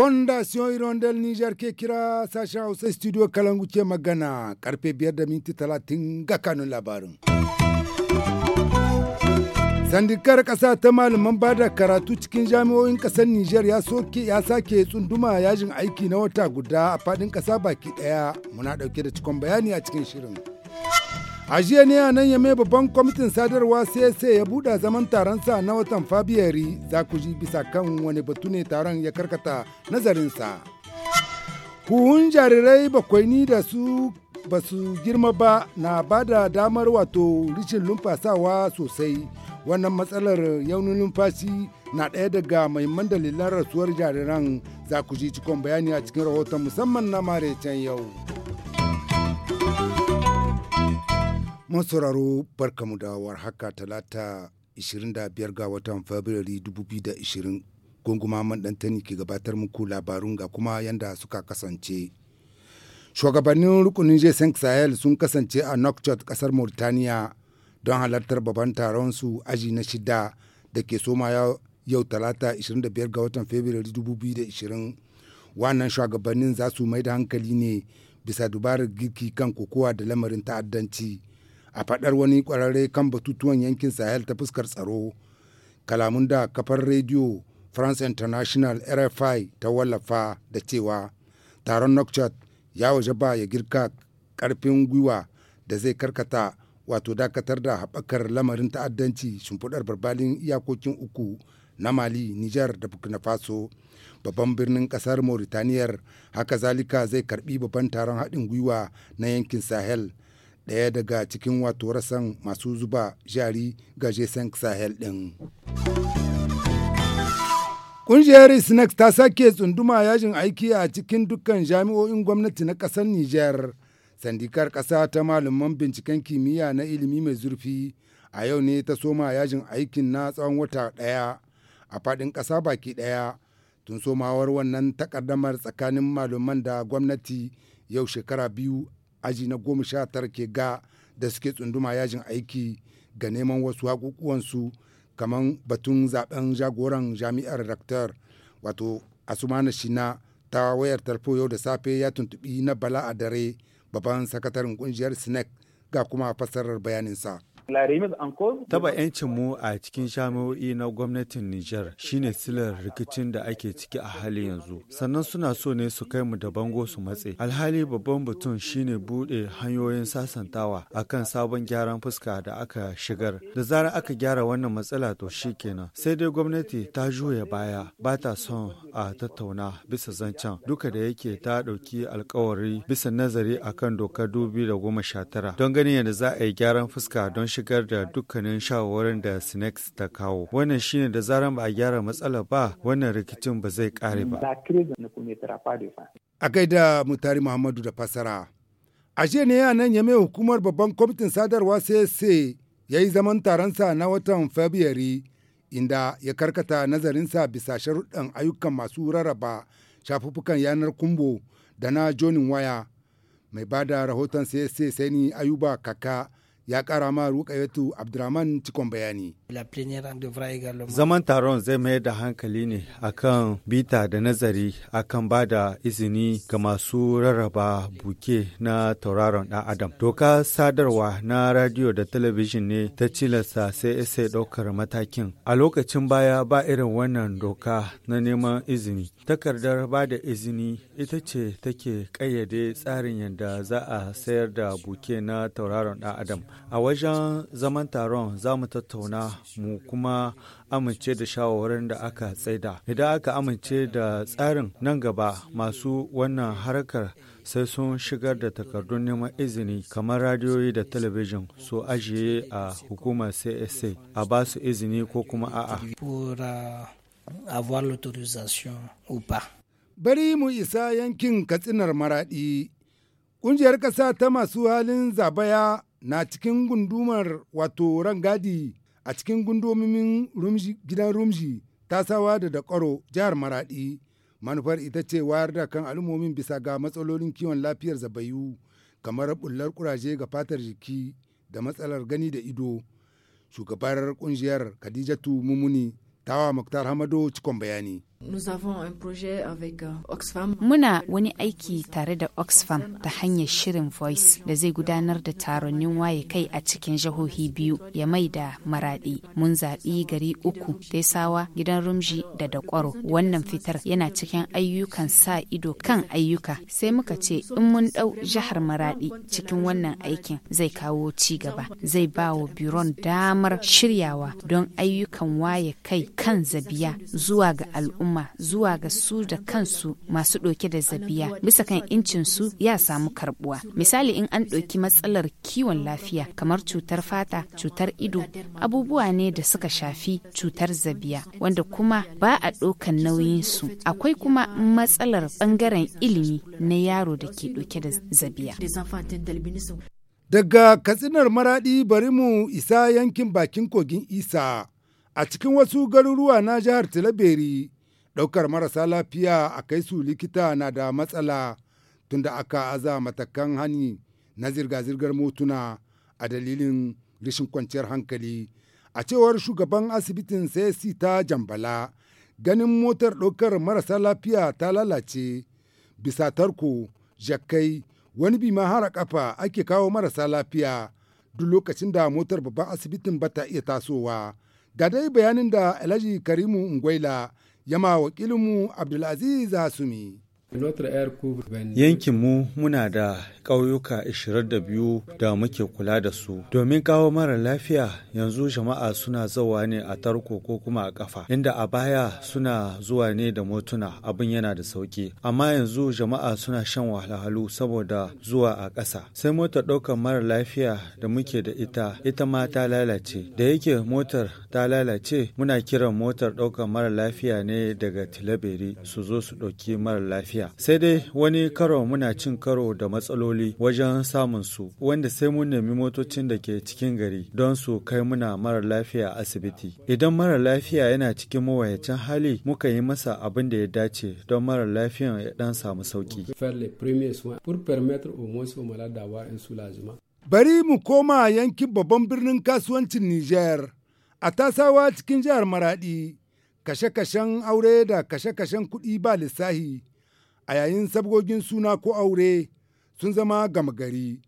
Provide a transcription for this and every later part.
Fondation Irondel Niger ke kira sashen Hausa studio Kalangu ke magana karfe biyar da minti talatin ga kanun Sandikar ƙasa ta malaman ba da karatu cikin jami'o'in ƙasar Nijar ya soke ya sake tsunduma yajin aiki na wata guda a faɗin ƙasa baki ɗaya muna ɗauke da cikon bayani a cikin shirin. A jiya ne a nan ya mai babban kwamitin sadarwa sai ya buɗe zaman taronsa na watan Fabiyari za ku ji bisa kan wani batu ne taron ya karkata nazarinsa. Huhun jarirai bakwai ni da su ba su girma ba na ba da damar wato rishin lumfasawa sosai wannan matsalar yaunin numfashi na ɗaya daga mahimman dalilan rasuwar jariran za ku ji cikon bayani a cikin rahoton musamman na maraicen yau. masauraro mu da haka talata 25 ga watan fabrairu 2020 gunguma mandantani ke gabatar muku labarun ga kuma yanda suka kasance shugabannin rukunin g sahel sun kasance a nokchot kasar mauritania don halartar babban taron su aji na shida da ke soma yau talata 25 ga watan fabrairu 2020 wannan shugabannin za su mai da hankali ne bisa dubarar girki kan kokowa da lamarin ta'addanci a faɗar wani ƙwararre kan batutuwan yankin sahel ta fuskar tsaro kalamun da kafar rediyo france international rfi ta wallafa da cewa taron nokchat ya waje ba ya girka karfin gwiwa da zai karkata wato dakatar da haɓakar lamarin ta'addanci shimfiɗar barbalin iyakokin uku na mali niger da burkina faso babban birnin ƙasar mauritaniyar haka zalika zai karbi babban taron haɗin gwiwa na yankin sahel ɗaya daga cikin wato rasan masu zuba jari ga jason sahel ɗin. Ƙungiyar snacks ta sake tsunduma yajin aiki a cikin dukkan jami'o'in gwamnati na ƙasar Nijar sandikar ƙasa ta malaman binciken kimiyya na ilimi mai zurfi a yau ne ta soma yajin aikin na tsawon wata ɗaya a faɗin ƙasa baki ɗaya tun somawar wannan takardamar tsakanin malaman da gwamnati yau shekara biyu aji na goma sha tara ke ga da suke tsunduma yajin aiki ga neman wasu haƙuƙuwansu kamar batun zaben jagoran jami'ar daktar wato asumana shina ta wayar tarfo yau da safe ya tuntuɓi na bala a dare babban sakataren kungiyar snec ga kuma fassarar bayaninsa. Taba 'yancin mu a cikin jami'o'i na gwamnatin Nijar shine silar rikicin da ake ciki a hali yanzu. Sannan suna so ne su kai mu da bango su matse. Alhali babban batun shine bude hanyoyin sasantawa a kan sabon gyaran fuska da aka shigar. Da zarar aka gyara wannan matsala to kenan. Sai dai gwamnati ta juya baya ba ta son a tattauna bisa zancen duka da yake ta ɗauki alkawari bisa nazari akan doka dubi da goma sha tara don ganin yadda za a yi gyaran fuska don shi shigar da dukkanin shawarwarin da sinex ta kawo wannan shine da zaran ba a gyara matsala ba wannan rikicin ba zai kare ba a gaida mutari muhammadu da fasara a jiya ne nan ya yame hukumar babban kwamitin sadarwa sai ya yi zaman taronsa na watan fabiyari inda ya karkata nazarinsa bisa sharuɗan ayyukan masu rarraba shafuffukan yanar kumbo da na jonin waya mai bada rahoton sai sai ni ayuba kaka ya kara ma rukayatu abdurrahman cikon bayani zaman taron zai mai da hankali ne akan bita da nazari akan ba da izini ga masu rarraba buke na tauraron dan adam doka sadarwa na radio da talabijin ne ta cilasta sai sai ɗaukar matakin a lokacin baya ba irin wannan doka na neman izini takardar ba da izini ita ce take ƙayyade tsarin yadda za a sayar da buke na tauraron dan adam A wajen zaman taron za mu tattauna mu kuma amince da shawarwarin da aka tsaida. Idan aka amince da tsarin nan gaba masu wannan harkar sai sun shigar da takardun neman izini kamar radiyoyi da talabijin su ajiye a hukumar CSA a ba su izini ko kuma a'a. Euh, Bari mu isa yankin katsinar maraɗi. Ƙungiyar ƙasa ta masu halin zabaya na cikin gundumar wato rangadi a cikin gundumomin gidan rumji ta sawa da dakwaro jihar maradi manufar ita ce wayar da kan al'ummomin bisa ga matsalolin kiwon lafiyar zabayu kamar bullar kuraje ga fatar jiki da matsalar gani da ido shugabar kungiyar khadijatu mumuni tawa muktar hamado cikon bayani Euh, Muna wani aiki tare da Oxfam ta hanyar shirin Voice da zai gudanar da taronin waye kai a cikin jihohi biyu ya mai da maraɗi. Mun zaɓi gari uku, Tesawa, Gidan Rumji da Dakwaro. Wannan fitar yana cikin ayyukan sa ido kan ayyuka. Sai muka ce in mun ɗau jihar maraɗi cikin wannan aikin zai kawo ci gaba. Zai ba wa biron damar shiryawa don ayyukan waye kai kan zabiya zuwa ga al'umma. al'umma zuwa ga su da kansu masu ɗauke da zabiya bisa kan incin su ya samu karbuwa. Misali in an ɗauki matsalar kiwon lafiya kamar cutar fata, cutar ido, abubuwa ne da suka shafi cutar zabiya wanda kuma ba a ɗaukan su Akwai kuma matsalar bangaren ilimi na yaro da ke ɗauke da zabiya. Daga katsinar maraɗi bari mu isa yankin bakin kogin Isa a cikin wasu garuruwa na jihar Tilaberi. ɗaukar marasa lafiya a kai su likita na da matsala tunda aka aza matakan hani na zirga-zirgar motuna a dalilin rashin kwanciyar hankali a cewar shugaban asibitin sai ta jambala ganin motar ɗaukar marasa lafiya ta lalace bisa tarko jakai wani bi mahara hara kafa ake kawo marasa lafiya duk lokacin da motar babban asibitin bata iya tasowa ga dai bayanin da alhaji karimu ngwaila Yama za Abdulaziz Asumi. yankin mu muna da ƙauyuka 22 da muke kula da su. Domin kawo mara lafiya yanzu jama'a suna zawa ne a tarko ko kuma a ƙafa, inda a baya suna zuwa ne da motuna abin yana da sauƙi. Amma yanzu jama'a suna shan wahalhalu saboda zuwa a ƙasa. Sai motar ɗaukar mara lafiya da muke da ita, ita ma ta lalace. Da yake motar ta lalace, muna kiran motar ɗaukar mara lafiya ne daga Tilaberi su zo su ɗauki mara lafiya. lafiya. Sai dai wani karo muna cin karo da matsaloli wajen samun su wanda sai mun nemi motocin da ke cikin gari don su kai muna mara lafiya asibiti. Idan mara lafiya yana cikin mawayacin hali muka yi masa abin da ya dace don mara lafiyan ya dan samu sauki. Bari mu koma yankin babban birnin kasuwancin Nijar a tasawa cikin jihar Maradi, kashe-kashen aure da kashe-kashen kuɗi ba lissahi a yayin sabgogin suna ko aure sun zama gama gari.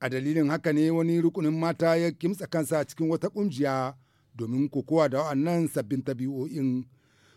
A dalilin haka ne wani rukunin mata ya kimtsa kansa cikin wata kungiya domin kokowa da wa'annan sabbin tabi'o'in.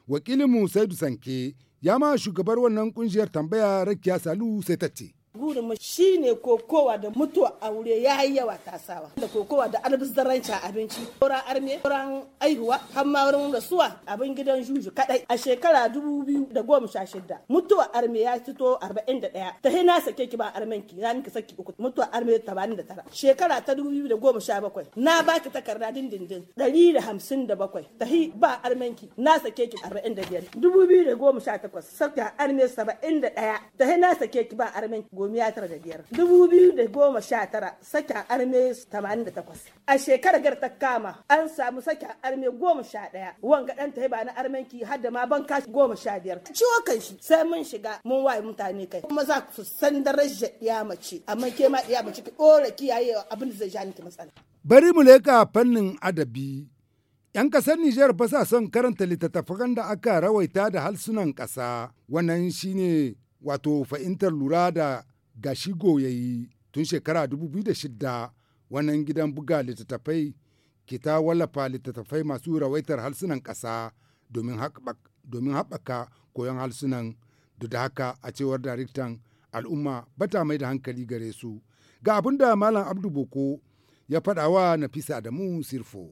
Wakilinmu Saidu Sanke ya ma shugabar wannan ƙungiyar tambaya Rakiya Salu sai ta ce. Gurinmu shi ne kokowa da mutuwa a wuri ya yi yawa tasawa. Da kokowa da albizaranci a abinci, sauran arme, sauran aihuwa, har wurin rasuwa abin gidan juju kadai. A shekara dubu biyu da goma sha shida, mutuwa arme ya fito arba'in da ɗaya. Ta hina sake ki ba armen ki, na miki saki uku, mutuwa arme tamanin da tara. Shekara ta dubu biyu da goma sha bakwai, na baki takarda dindindin ɗari da hamsin da bakwai. Ta ba armen ki, na sake ki arba'in da biyar. Dubu biyu da goma sha takwas, sake arme saba'in da ɗaya. Ta hina sake ki ba armen ki gomiya tara da biyar dubu biyu da goma sha tara sakin arme tamanin da takwas a shekarar gar ta kama an samu sakin arme goma sha ɗaya wanga gaɗan ta ba na armenki har da ma ban kashi goma sha biyar ciwo kan shi sai mun shiga mun waye mutane kai kuma za ku san darajar ya mace amma ke ma ya mace ki ɗora kiyaye abin da zai ja miki matsala. bari mu leka fannin adabi 'Yan kasar Nijar ba sa son karanta littattafan da aka rawaita da halsunan kasa wannan shine wato fahimtar lura da ga shigo ya yi tun shekara 2006 wannan gidan buga littattafai ke ta wallafa littattafai masu rawaitar harsunan ƙasa domin haɓaka koyon harsunan duk da haka a cewar daraktan al'umma bata mai da hankali gare su ga abin da malam abdu boko ya faɗa wa Nafisa Adamu Sirfo.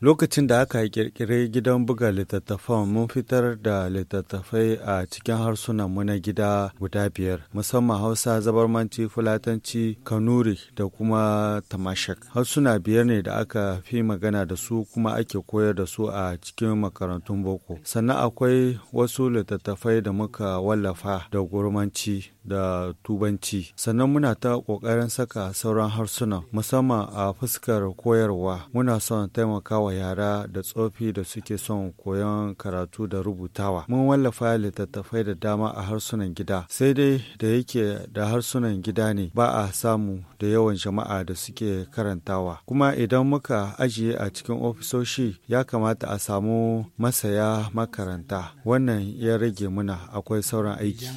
Lokacin da aka kirkiri gidan buga littattafan mun fitar da littattafai a cikin harsunan mu na gida guda biyar musamman Hausa, Zabarmanci, Fulatanci, Kanuri da kuma tamashak Harsuna biyar ne da aka fi magana da su kuma ake koyar da su a cikin makarantun boko. Sannan akwai wasu littattafai da muka wallafa da gurmanci da tubanci sannan muna ta ƙoƙarin saka sauran harsuna musamman a fuskar koyarwa muna son taimakawa yara da tsofi da suke son koyon karatu da rubutawa mun wallafa littattafai da dama a harsunan gida sai dai da yake da harsunan gida ne ba a samu da yawan jama'a da suke karantawa kuma idan muka ajiye a cikin ofisoshi ya kamata a samu masaya makaranta wannan ya rage muna akwai sauran aiki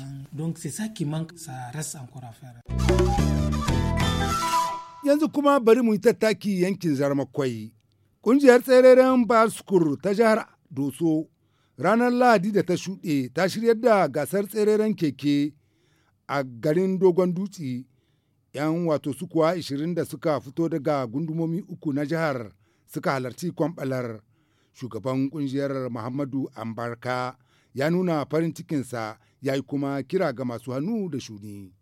yanzu kuma bari mu yi tattaki yankin zarmakwai kungiyar tsereren baskur ta jihar doso ranar lahadi da ta shuɗe ta shiryar da gasar tsereren keke a garin dogon dutse 'yan wato sukuwa 20 da suka fito daga gundumomi uku na jihar suka halarci kwamɓalar shugaban kungiyar muhammadu ambarka ya nuna farin cikinsa ya yi kuma kira ga masu hannu da shuni.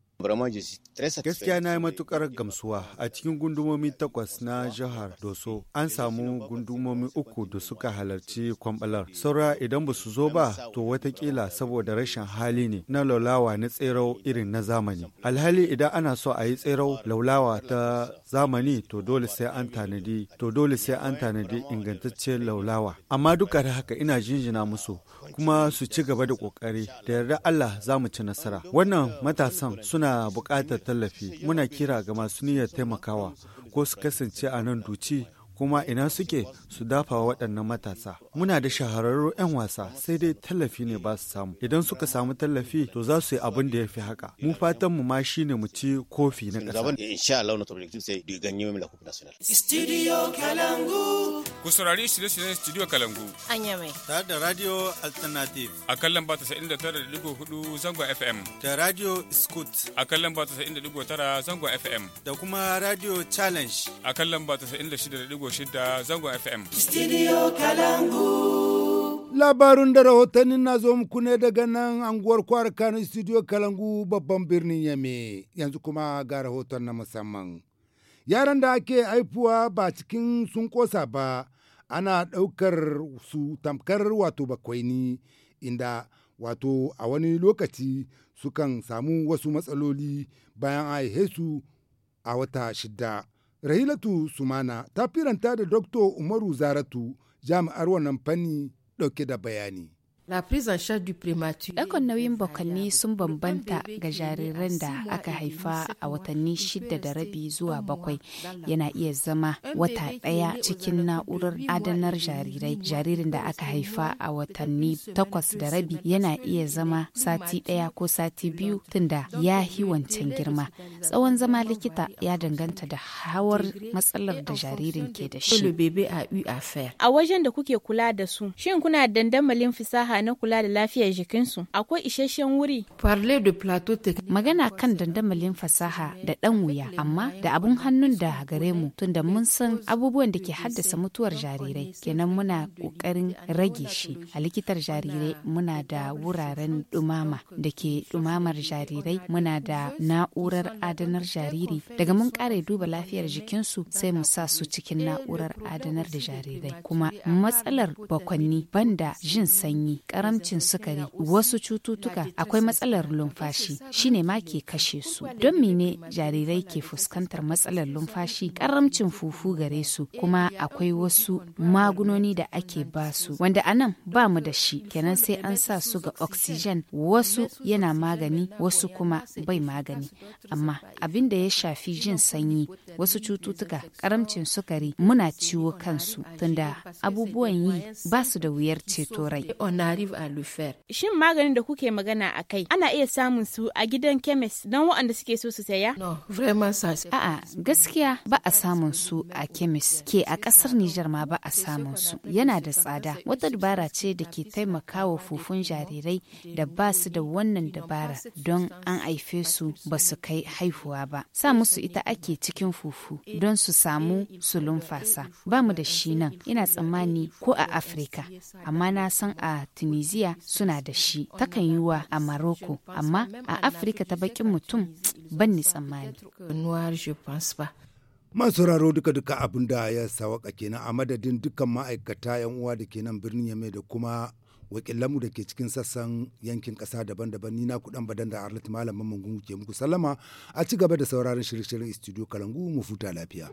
Gaskiya na yi matukar gamsuwa a cikin gundumomi takwas na jihar Doso an samu gundumomi uku da suka halarci kwambalar. Saura idan ba su zo ba to watakila saboda rashin hali ne na laulawa na tsero irin na zamani. Alhali idan ana so a yi tsero laulawa ta zamani to dole sai an tanadi to dole sai an tanadi ingantaccen laulawa. Amma duka da haka ina jinjina musu kuma su ci gaba da kokari da yarda Allah za mu ci nasara. Wannan matasan suna muna buƙatar tallafi muna kira ga masu niyyar taimakawa ko su kasance a nan duci kuma ina suke su dafa waɗannan matasa muna da shahararru 'yan wasa sai dai tallafi ne ba su samu idan suka samu tallafi to za su yi abin da ya fi haka mu fatan mu ma shine mu ci kofi na ƙasa studio kalangu ku saurari shirye-shiryen studio kalangu an mai tare da radio alternative a kan lamba 99.4 zango fm da radio scoot a kan lamba 99.9 zango fm da kuma radio challenge a kan lamba 96.9 FM. Labarun da rahotannin na zo muku ne daga nan anguwar kwara Kano Studio Kalangu babban birnin Yame yanzu kuma ga rahoton na musamman. Yaran da ake haifuwa ba cikin sun kosa ba ana ɗaukar su tamkar wato bakwaini inda wato a wani lokaci sukan samu wasu matsaloli bayan a su a wata shidda Rahilatu Sumana ta firanta da Dr. Umaru Zaratu jami'ar wannan fanni ɗauke da bayani. Ɗaukar nauyin bakwanni sun bambanta ga jariran da aka haifa a watanni shida da rabi zuwa bakwai yana iya zama wata ɗaya cikin na'urar adanar jarirai. Jaririn da aka haifa a watanni takwas da rabi yana iya zama sati ɗaya ko sati biyu tunda ya hi wancan girma. Tsawon zama likita ya danganta da hawar matsalar da jaririn ke da shi. A wajen da kuke kula da su, shin kuna dandamalin fisaha? na kula da lafiyar jikinsu akwai isasshen wuri. Parle de plateau Magana kan dandamalin fasaha da ɗan wuya amma da abun hannun da gare mu tunda mun san abubuwan da ke haddasa mutuwar jarirai kenan muna ƙoƙarin rage shi a likitar jarirai muna da wuraren ɗumama da ke ɗumamar jarirai muna da na'urar adanar jariri daga mun ƙara duba lafiyar jikinsu sai mu sa su cikin na'urar adanar da jarirai kuma matsalar bakwanni banda jin sanyi karamcin sukari wasu cututtuka akwai matsalar lumfashi shine ma ke kashe su don mene jarirai ke fuskantar matsalar lumfashi karamcin fufu gare su kuma akwai wasu magunoni da ake su. wanda anan ba mu da shi kenan sai an sa su ga oxygen wasu yana magani wasu kuma bai magani amma abin da ya shafi jin sanyi wasu cututtuka karamcin sukari muna ciwo kansu tunda abubuwan yi ba su da wuyar ceto rai arrive a le Shin maganin da kuke magana a kai ana iya samun su a gidan chemist don waɗanda suke so su saya? No, vraiment ça. A'a, gaskiya ba a samun su a kemis ke a ƙasar Nijar ma ba a samun su. Yana da tsada. Wata dabara ce da ke taimakawa fufun jarirai da ba su da wannan dabara don an haife su ba su kai haihuwa ba. Sa musu ita ake cikin fufu don su samu su lumfasa. Ba mu da shi nan. Ina tsammani ko a Afirka, amma na san a tunisia suna da shi takan yi wa a maroko amma a afirka ta bakin mutum ban ni tsammani sauraro duka duka abin da ya sawaka kenan a madadin dukkan ma'aikata yan uwa da ke nan birnin yame da kuma wakilanmu da ke cikin sassan yankin ƙasa daban-daban ni kudan badan da arlit malamin mungun ke muku sallama a ci gaba da sauraron shirye-shiryen studio kalangu mu futa lafiya.